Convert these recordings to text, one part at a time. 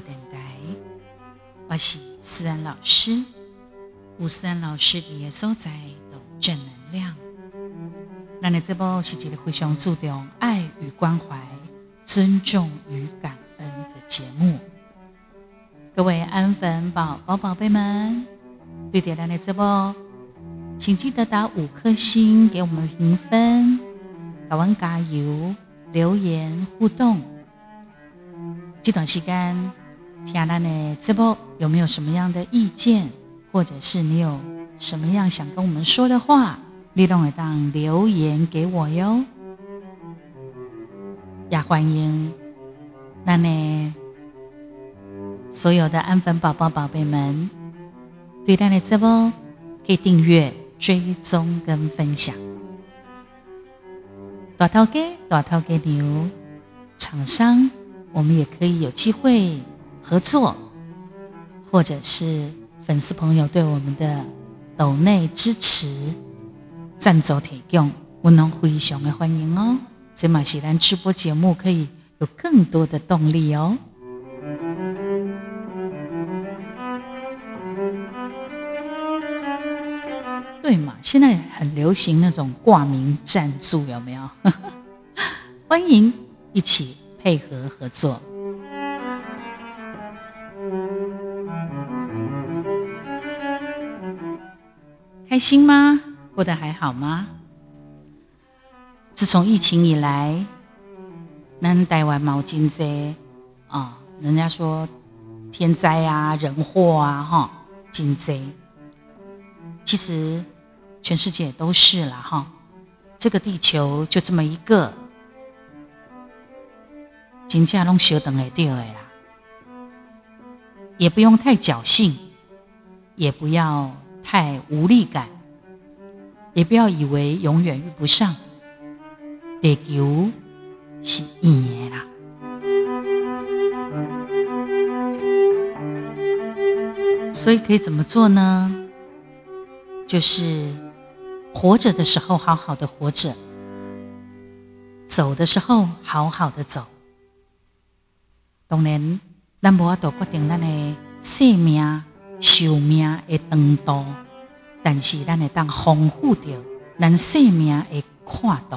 等待，我是思安老師。吳思安老師，你也收在抖正能量。那你這波是覺得互相注重愛與關懷、尊重與感恩的節目。各位安粉、寶寶、寶貝們，對點亮的這波，請記得打五顆星給我們評分。打完加油，留言互動。這段時間。聽娜娜這波，有沒有什麼樣的意見，或者是你有什麼樣想跟我們說的話，你都可以留言給我喲。也歡迎娜娜所有的安分寶寶寶、寶貝們對娜娜這波可以訂閱、追蹤跟分享。多掏給多掏給牛廠商，我們也可以有機會，合作，或者是粉絲朋友對我們的鬥內支持、贊助提供，我們非常的歡迎哦。這嘛是咱直播節目可以有更多的動力哦。對嘛，現在很流行那種掛名贊助，有沒有？ 歡迎一起配合合作。開心嗎？過得還好嗎？自從疫情以來，能帶完毛巾賊啊！人家說天災啊，人禍啊、哈，緊賊。其實全世界都是了哈，這個地球就這麼一個，金價攏小等會掉的啦，也不用太僥倖，也不要太無力感。也不要以為永遠遇不上，地球是圓的啦。所以可以怎麼做呢？就是活着的時候好好的活着，走的時候好好的走，當然，那麼我沒法決定那個生命壽命的長度。但是，咱會當豐富掉咱生命誒寬度，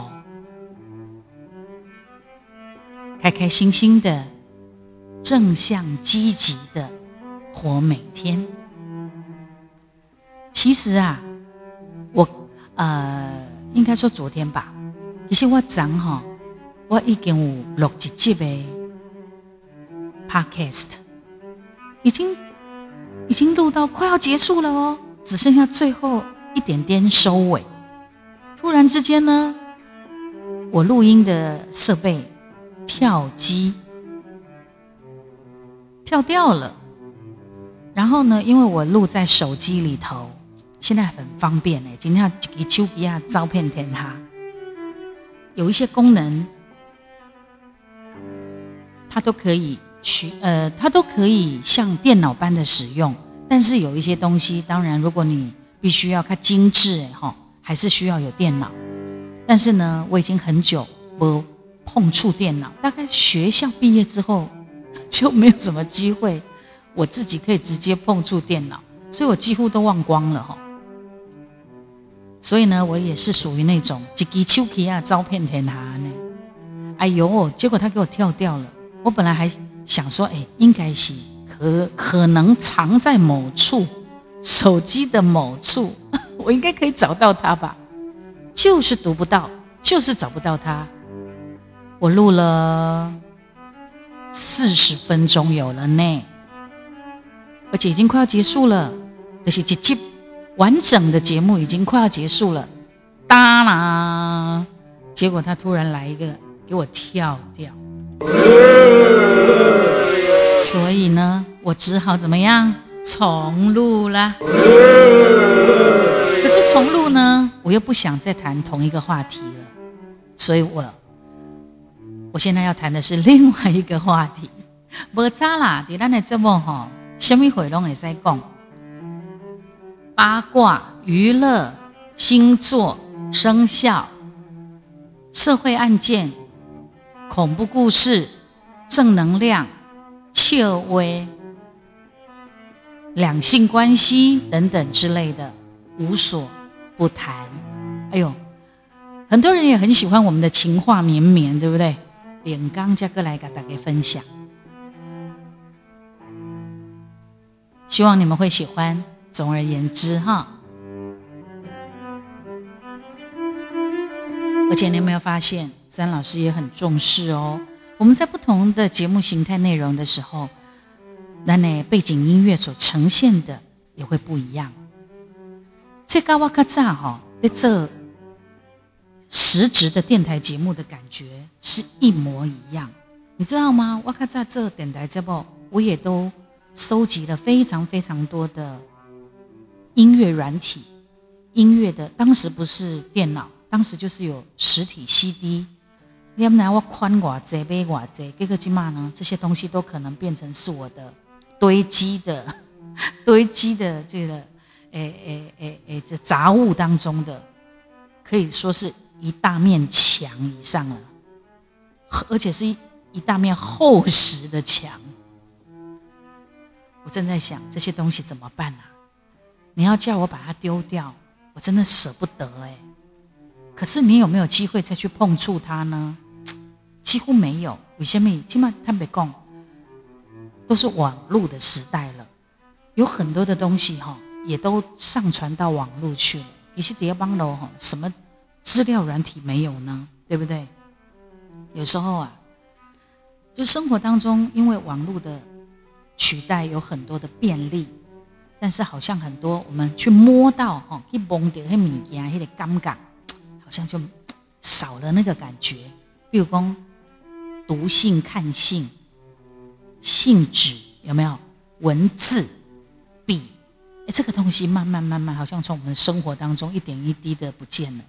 開開心心的、正向積極的活每天。其實啊，我呃，應該說昨天吧。其實我講哈，我已經有六集集誒，Podcast 已經已經錄到快要結束了哦。只剩下最後一點點收尾，突然之間呢，我錄音的設備跳機，跳掉了。然後呢，因為我錄在手機裡頭，現在很方便呢。今天要給丘比亞照片天下有一些功能，它都可以取，呃，它都可以像電腦般的使用。但是有一些東西，當然如果你必須要看精緻，哎哈，還是需要有電腦。但是呢，我已經很久沒碰觸電腦，大概學校畢業之後就沒有什麼機會，我自己可以直接碰觸電腦，所以我幾乎都忘光了哈。所以呢，我也是屬於那種嘰嘰丘皮啊，照片天他呢。哎喲哦，結果他給我跳掉了，我本來還想說，哎、欸，應該行和可,可能藏在某處，手機的某處，我應該可以找到它吧？就是讀不到，就是找不到它。我錄了四十分鐘有了呢，而且已經快要結束了，就是一集完整的節目已經快要結束了，啦！結果他突然來一個，給我跳掉。所以呢，我只好怎麼樣重錄啦。可是重錄呢，我又不想再談同一個話題了，所以我，我現在要談的是另外一個話題。沒差啦，在我們的節目齁，蝦米內容也在講八卦、娛樂、星座、生肖、社會案件、恐怖故事、正能量。切微，兩性關係等等之類的，無所不談。哎呦，很多人也很喜歡我們的情話綿綿，對不對？點剛加哥來給大家分享，希望你們會喜歡。總而言之，哈，而且你有沒有發現，三老師也很重視哦。我們在不同的節目形態、內容的時候，那那背景音樂所呈現的也會不一樣。這個哇卡扎哈，在這實質的電台節目的感覺是一模一樣，你知道嗎？哇卡扎這個電台節目，我也都收集了非常非常多的音樂軟體，音樂的。當時不是電腦，當時就是有實體 CD。你們來我寬我這背我這，這個是嘛呢？這些東西都可能變成是我的堆積的、堆積的這個，誒誒誒誒，這、欸欸、雜物當中的，可以說是一大面牆以上了，而且是一一大面厚實的牆。我正在想這些東西怎麼辦啊？你要叫我把它丟掉，我真的捨不得哎、欸。可是你有沒有機會再去碰觸它呢？幾乎沒有，為蝦米？起碼他別講，都是網絡的時代了，有很多的東西哈，也都上傳到網絡去了。有些地方嘍，哈，什麼資料軟體沒有呢？對不對？有時候啊，就生活當中，因為網絡的取代有很多的便利，但是好像很多我們去摸到哈，去摸到那些物件，那個感覺，好像就少了那個感覺。比如講，讀信看信，信紙有沒有文字筆？這個東西慢慢慢慢，好像從我們生活當中一點一滴的不見了，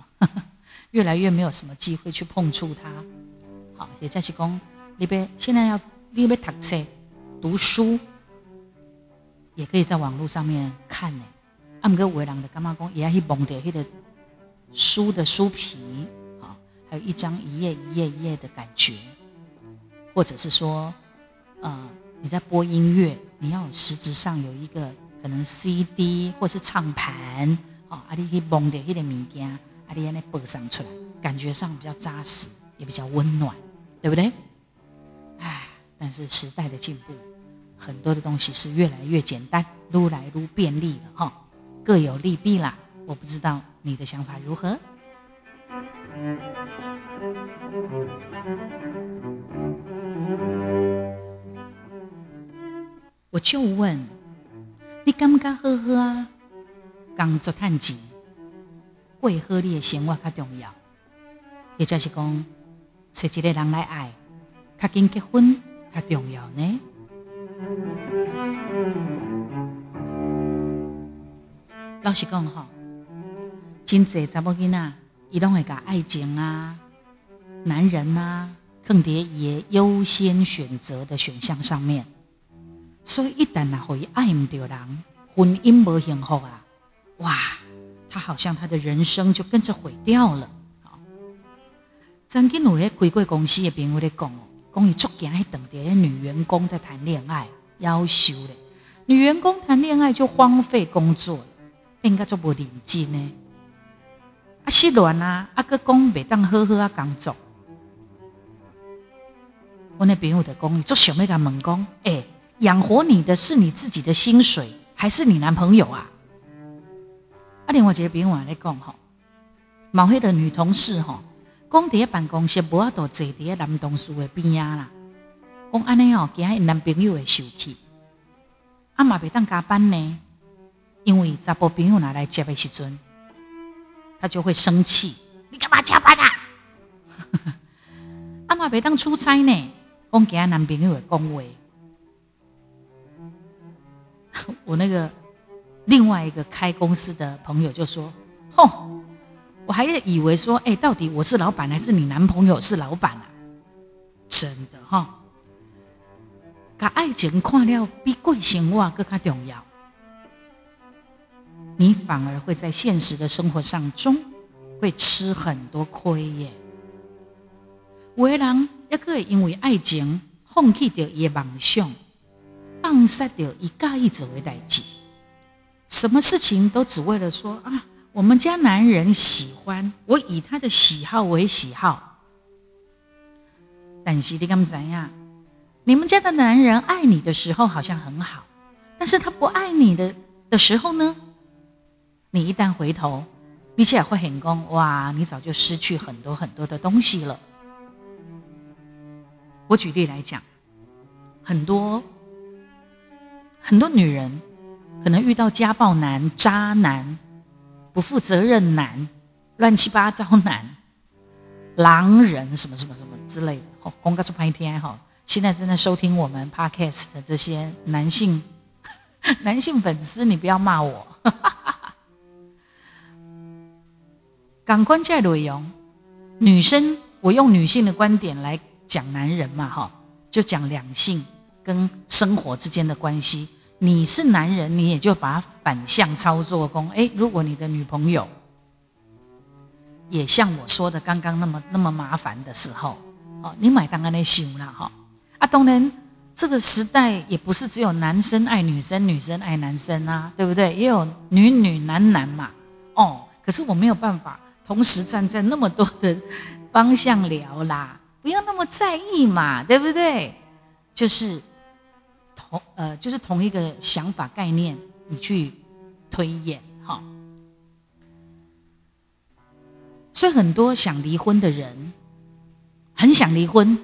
越來越沒有什麼機會去碰觸它。好，也就是說，你別現在要你別讀書，讀書也可以在網絡上面看。欸不過有人就覺得說也要去摸到那個書的書皮啊，還有一張一頁一頁一頁的感覺。或者是說，呃，你在播音樂，你要實質上有一個可能 CD 或是唱盤啊你，啊你去蒙掉一點物件，啊你在那播上出來，感覺上比較扎實，也比較溫暖，對不對？唉，但是時代的進步，很多的東西是越來越簡單，越來越便利了哈，各有利弊啦。我不知道你的想法如何。我就問你敢不敢喝喝啊？工作、賺錢過好你的生活較重要。或者是講，找一個人來愛，較緊結婚較重要呢？老實講吼，真濟查某囡仔，伊攏會甲愛情啊，男人啊。鄧蝶也優先選擇的選項上面，所以一旦啊會愛不着人，婚姻無幸福啊，哇，他好像他的人生就跟着毀掉了，哦。曾經有誒，開過公司的朋友咧講哦，講伊足驚，還等著女員工在談戀愛，夭壽咧！女員工談戀愛就荒廢工作，變該就無認真咧。啊，失戀啊，啊，擱講袂當好好啊工作。我那朋友就講，你做想欲甲問，講哎，養活你的是你自己的薪水，還是你男朋友啊？啊另外一個朋友也咧講吼，某。迄個女同事吼，講佇個辦公室無法度坐佇個男同事的邊啊啦，講安尼哦，驚因男朋友會受氣，啊嘛袂當加班呢，因為查甫朋友拿來接的時陣，她就會生氣，你幹嘛加班啊？啊嘛袂當出差呢。供給他男朋友的恭維，我那個另外一個開公司的朋友就說：“哼，我還以為說，哎、欸，到底我是老闆還是你男朋友是老闆啊？”真的哈，把愛情看得比貴姓哇更加重要，你反而會在現實的生活上中會吃很多虧耶。為了一個因為愛情放棄掉伊的夢想，放下掉一個一直為代志，什麼事情都只為了說啊，我們家男人喜歡我，以他的喜好為喜好。但是你幹麼怎樣？你們家的男人愛你的時候好像很好，但是他不愛你的的時候呢？你一旦回頭，你起來會很公哇！你早就失去很多很多的東西了。我舉例來講，很多很多女人可能遇到家暴男、渣男、不負責任男、亂七八糟男、狼人什麼什麼什麼之類的。好、喔，公，告訴潘一天哈，現在正在收聽我們 Podcast 的這些男性 男性粉絲，你不要罵我。感官在育哦，女生，我用女性的觀點來。講男人嘛，哈，就講兩性跟生活之間的關係。你是男人，你也就把它反向操作工，欸，如果你的女朋友也像我說的剛剛那麼那麼麻煩的時候，哦，你買剛剛那新啦，哈。啊，當然這個時代也不是只有男生愛女生，女生愛男生啊，對不對？也有女女男男嘛，哦。可是我沒有辦法同時站在那麼多的方向聊啦。不要那麼在意嘛，對不對？就是同呃，就是同一個想法概念，你去推演哈、哦。所以很多想離婚的人，很想離婚，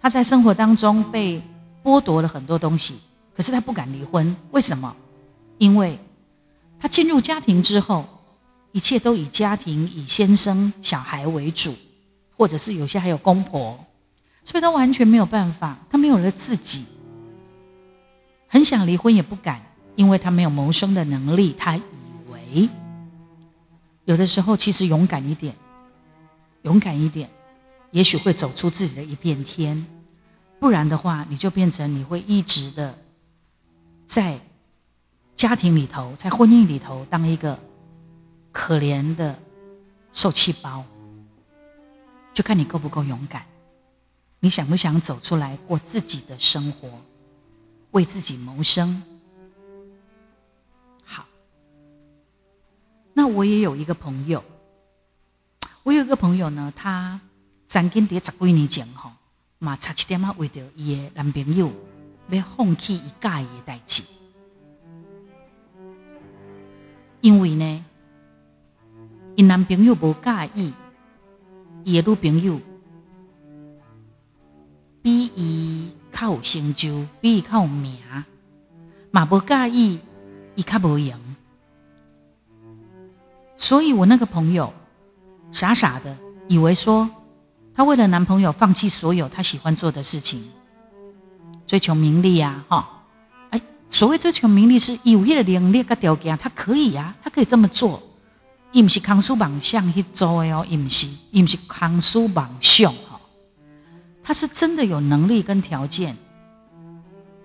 他在生活當中被剝奪了很多東西，可是他不敢離婚，為什麼？因為他進入家庭之後，一切都以家庭、以先生、小孩為主。或者是有些還有公婆，所以他完全沒有辦法，他沒有了自己，很想離婚也不敢，因為他沒有謀生的能力。他以為有的時候，其實勇敢一點，勇敢一點，也許會走出自己的一片天。不然的話，你就變成你會一直的在家庭裡頭，在婚姻裡頭當一個可憐的受氣包。就看你夠不夠勇敢，你想不想走出來過自己的生活，為自己謀生？好，那我也有一個朋友，我有一個朋友呢，他曾經在十幾年前，吼，嘛差一點啊為着伊男朋友要放棄伊介意的代志，因為呢，伊男朋友不介意。伊個女朋友比伊較有成就，比伊較有名，伊嘛不介意，伊較無用，所以我那個朋友傻傻的以為說，她為了男朋友放棄所有她喜歡做的事情，追求名利啊，哈、哦，哎、欸，所謂追求名利是他有那個能力和條件，她可以呀、啊，她可以這麼做。伊毋是康叔榜象，去做的伊毋是伊毋是康叔榜象哈，他是真的有能力跟條件，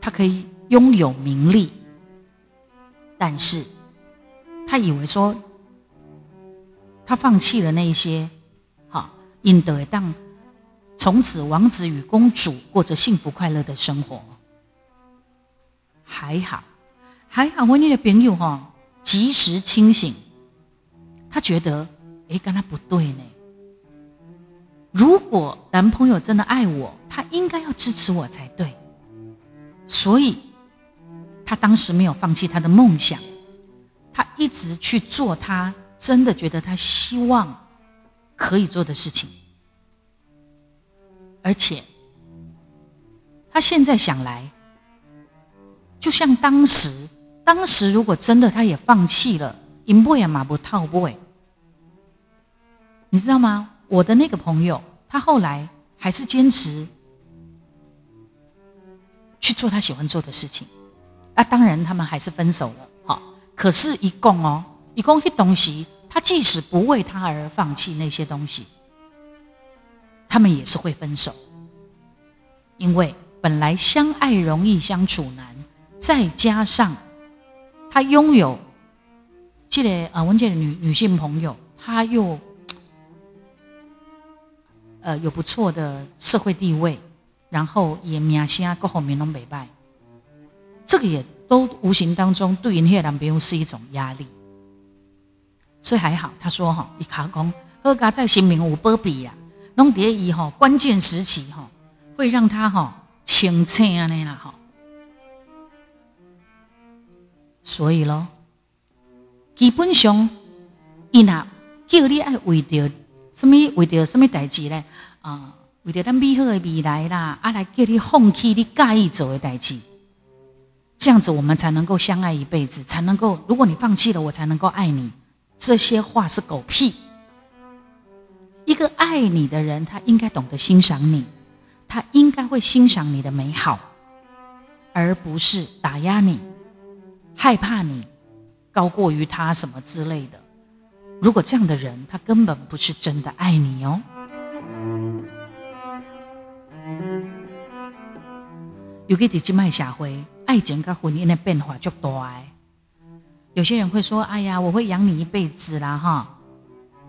他可以擁有名利，但是他以為說，他放棄了那些好應得，當從此王子與公主過着幸福快樂的生活。還好還好，我你的朋友哈及時清醒。他覺得，哎、欸，跟他不對呢。如果男朋友真的愛我，他應該要支持我才對。所以，他當時沒有放棄他的夢想，他一直去做他真的覺得他希望可以做的事情。而且，他現在想來，就像當時，當時如果真的他也放棄了。因不了，嘛，不套不哎，你知道嗎？我的那個朋友，他後來還是堅持去做他喜歡做的事情。那、啊、當然，他們還是分手了。好、哦，可是一共哦，一共一些東西，他即使不為他而放棄那些東西，他們也是會分手。因為本來相愛容易相處難，再加上他擁有。記、這、得、個、呃，文姐的女女性朋友，她又呃有不錯的社會地位，然後也名聲啊各方面攏未敗，這個也都無形當中對因些男朋友是一種壓力，所以還好她說哈，一卡工，各家在生命有保庇呀，攏在伊哈、哦、關鍵時期哈、哦，會讓他哈、哦、清醒安尼啦哈，所以咯。基本上，伊若叫你愛為着什麼？為着什麼代志咧？啊、呃，為着咱美好的未來啦，啊，來叫你放棄，你介意做的代志，這樣子，我們才能夠相愛一輩子，才能夠。如果你放棄了，我才能夠愛你。這些話是狗屁。一個愛你的人，他應該懂得欣賞你，他應該會欣賞你的美好，而不是打壓你、害怕你。高過於他什麼之類的，如果這樣的人，他根本不是真的愛你哦。尤其在現在的社會，愛情和婚姻的變化很大。有些人會說：“哎呀，我會養你一輩子啦，哈！”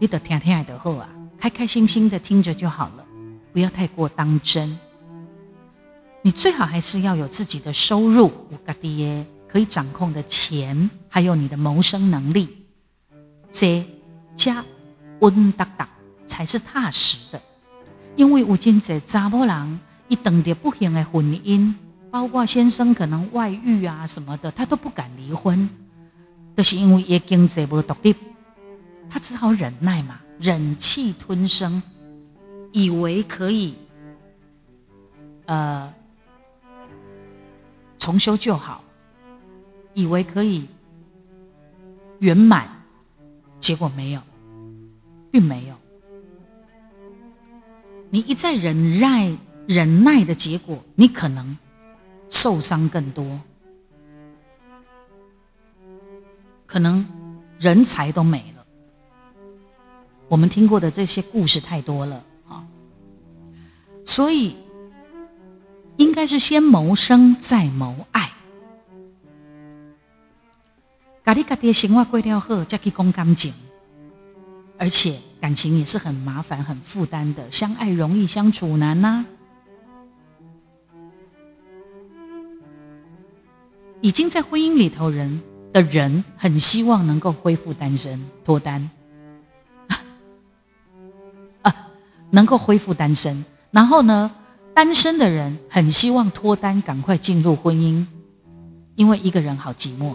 你得聽聽的好啊，開開心心的聽着就好了，不要太過當真。你最好還是要有自己的收入，唔個爹可以掌控的錢，還有你的謀生能力，這家穩當當，才是踏實的。因為我今這查某人一等的不幸的婚姻，包括先生可能外遇啊什麼的，他都不敢離婚，都、就是因為也經濟不獨立，他只好忍耐嘛，忍氣吞聲，以為可以呃重修舊好。以為可以圓滿，結果沒有，並沒有。你一再忍耐，忍耐的結果，你可能受傷更多，可能人才都沒了。我們聽過的這些故事太多了啊，所以應該是先謀生，再謀愛。把、啊、你再去感情，而且感情也是很麻煩、很負擔的。相愛容易，相處難吶、啊。已經在婚姻裡頭人的人，很希望能夠恢復單身、脫單啊，啊，能夠恢復單身。然後呢，單身的人很希望脫單，趕快進入婚姻，因為一個人好寂寞。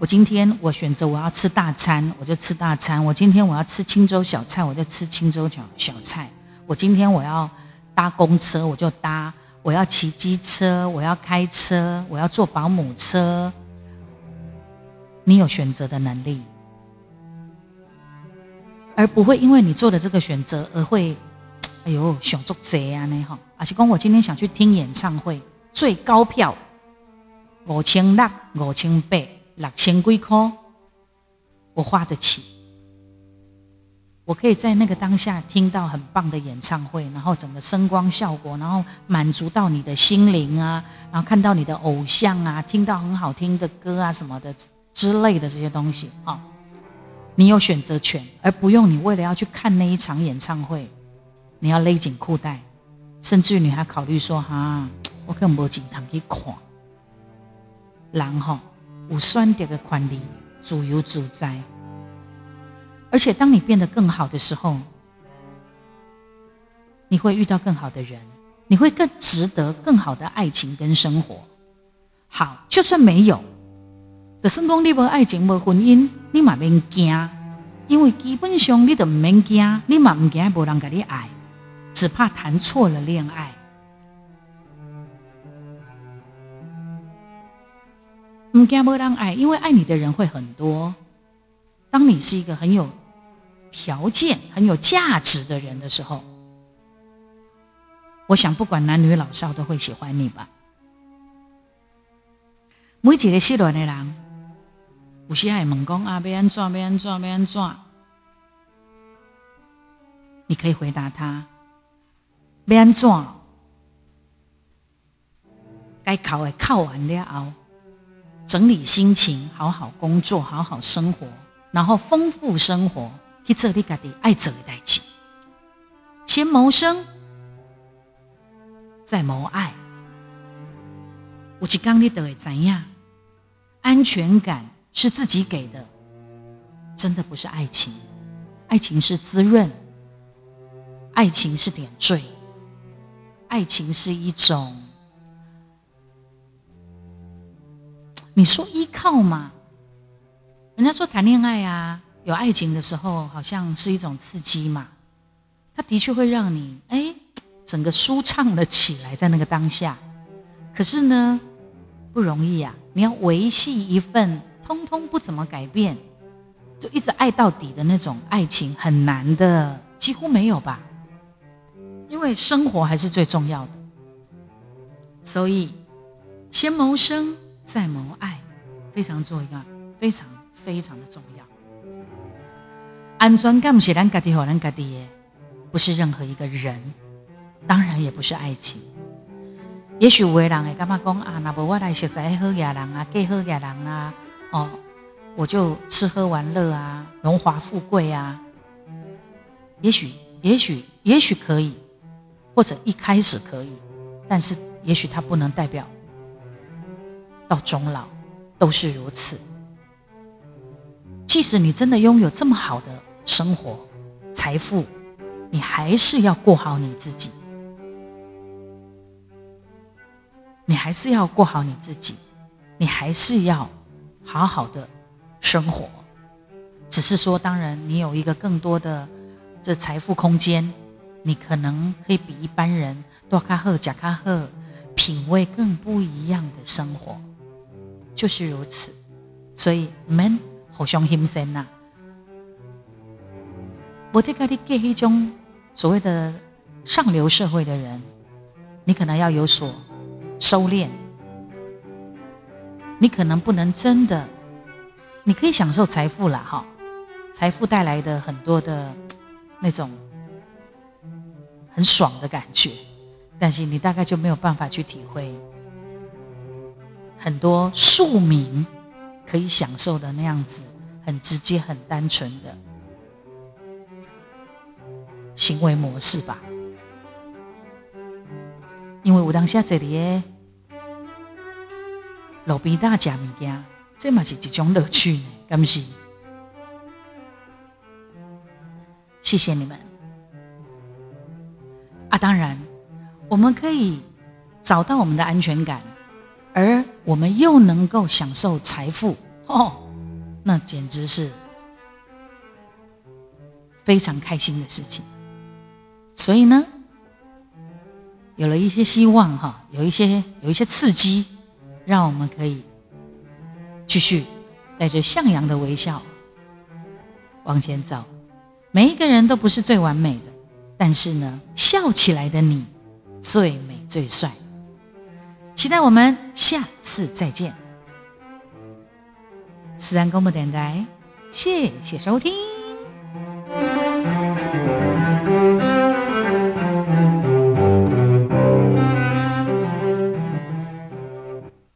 我今天我選擇我要吃大餐，我就吃大餐；我今天我要吃清粥小菜，我就吃清粥小小菜。我今天我要搭公車，我就搭；我要騎機車，我要開車，我要坐保姆車。你有選擇的能力，而不會因為你做的這個選擇而會，哎呦想做賊啊你哈！而且，公我今天想去聽演唱會，最高票五千六、五千八。兩千塊，我花得起。我可以在那個當下聽到很棒的演唱會，然後整個聲光效果，然後滿足到你的心靈啊，然後看到你的偶像啊，聽到很好聽的歌啊什麼的之類的這些東西啊、哦。你有選擇權，而不用你為了要去看那一場演唱會，你要勒緊褲帶，甚至於你還考慮說：哈、啊，我更不經常去逛。然後。有選擇的權利，自由自在。而且，當你變得更好的時候，你會遇到更好的人，你會更值得更好的愛情跟生活。好，就算沒有，就算講，你沒愛情沒婚姻，你嘛免驚，因為基本上你都唔免驚，你嘛唔驚無人跟你愛，只怕談錯了戀愛。唔，不怕沒人愛，因為愛你的人會很多。當你是一個很有條件、很有價值的人的時候，我想不管男女老少都會喜歡你吧。每一個失戀的人，有些啊，猛講阿邊怎邊怎邊怎，你可以回答他邊怎？該考的考完了後，整理心情，好好工作，好好生活，然後豐富生活，去做你自己愛做的事情。先謀生，再謀愛。有一天你都會知道，安全感是自己給的，真的不是愛情。愛情是滋潤，愛情是點綴，愛情是一種。你說依靠嗎？人家說談戀愛啊，有愛情的時候好像是一種刺激嘛，它的確會讓你哎，整個舒暢了起來，在那個當下。可是呢，不容易啊，你要維繫一份通通不怎麼改變，就一直愛到底的那種愛情，很難的，幾乎沒有吧？因為生活還是最重要的，所以先謀生。再謀愛，非常重要，非常非常的重要。安全感是自己給的，是自己給的，不是任何一個人，當然也不是愛情。也許有的人會幹嘛講啊？那我來實實喝在野人啊，給喝野人啊，哦，我就吃喝玩樂啊，榮華富貴啊。也許，也許，也許可以，或者一開始可以，但是也許它不能代表，到終老都是如此。即使你真的擁有這麼好的生活、財富，你還是要過好你自己。你還是要過好你自己，你還是要好好的生活。只是說，當然你有一個更多的這財富空間，你可能可以比一般人多喝赫、賈喝赫品味更不一樣的生活。就是如此，所以 man 好像犧牲吶。我對咖喱跟迄中，所謂的上流社會的人，你可能要有所收斂，你可能不能真的，你可以享受財富了哈，財富帶來的很多的那種很爽的感覺，但是你大概就沒有辦法去體會。很多庶民可以享受的那樣子，很直接、很單純的，行為模式吧。因為我當下這裡，老畢大家這是一種樂趣呢，感謝，謝謝你們。啊，當然，我們可以找到我們的安全感，而。我們又能夠享受財富哦，那簡直是非常開心的事情。所以呢，有了一些希望哈，有一些有一些刺激，讓我們可以繼續帶着向陽的微笑往前走。每一個人都不是最完美的，但是呢，笑起來的你最美最帥。期待我們下次再見。此番公募電台，謝謝收聽。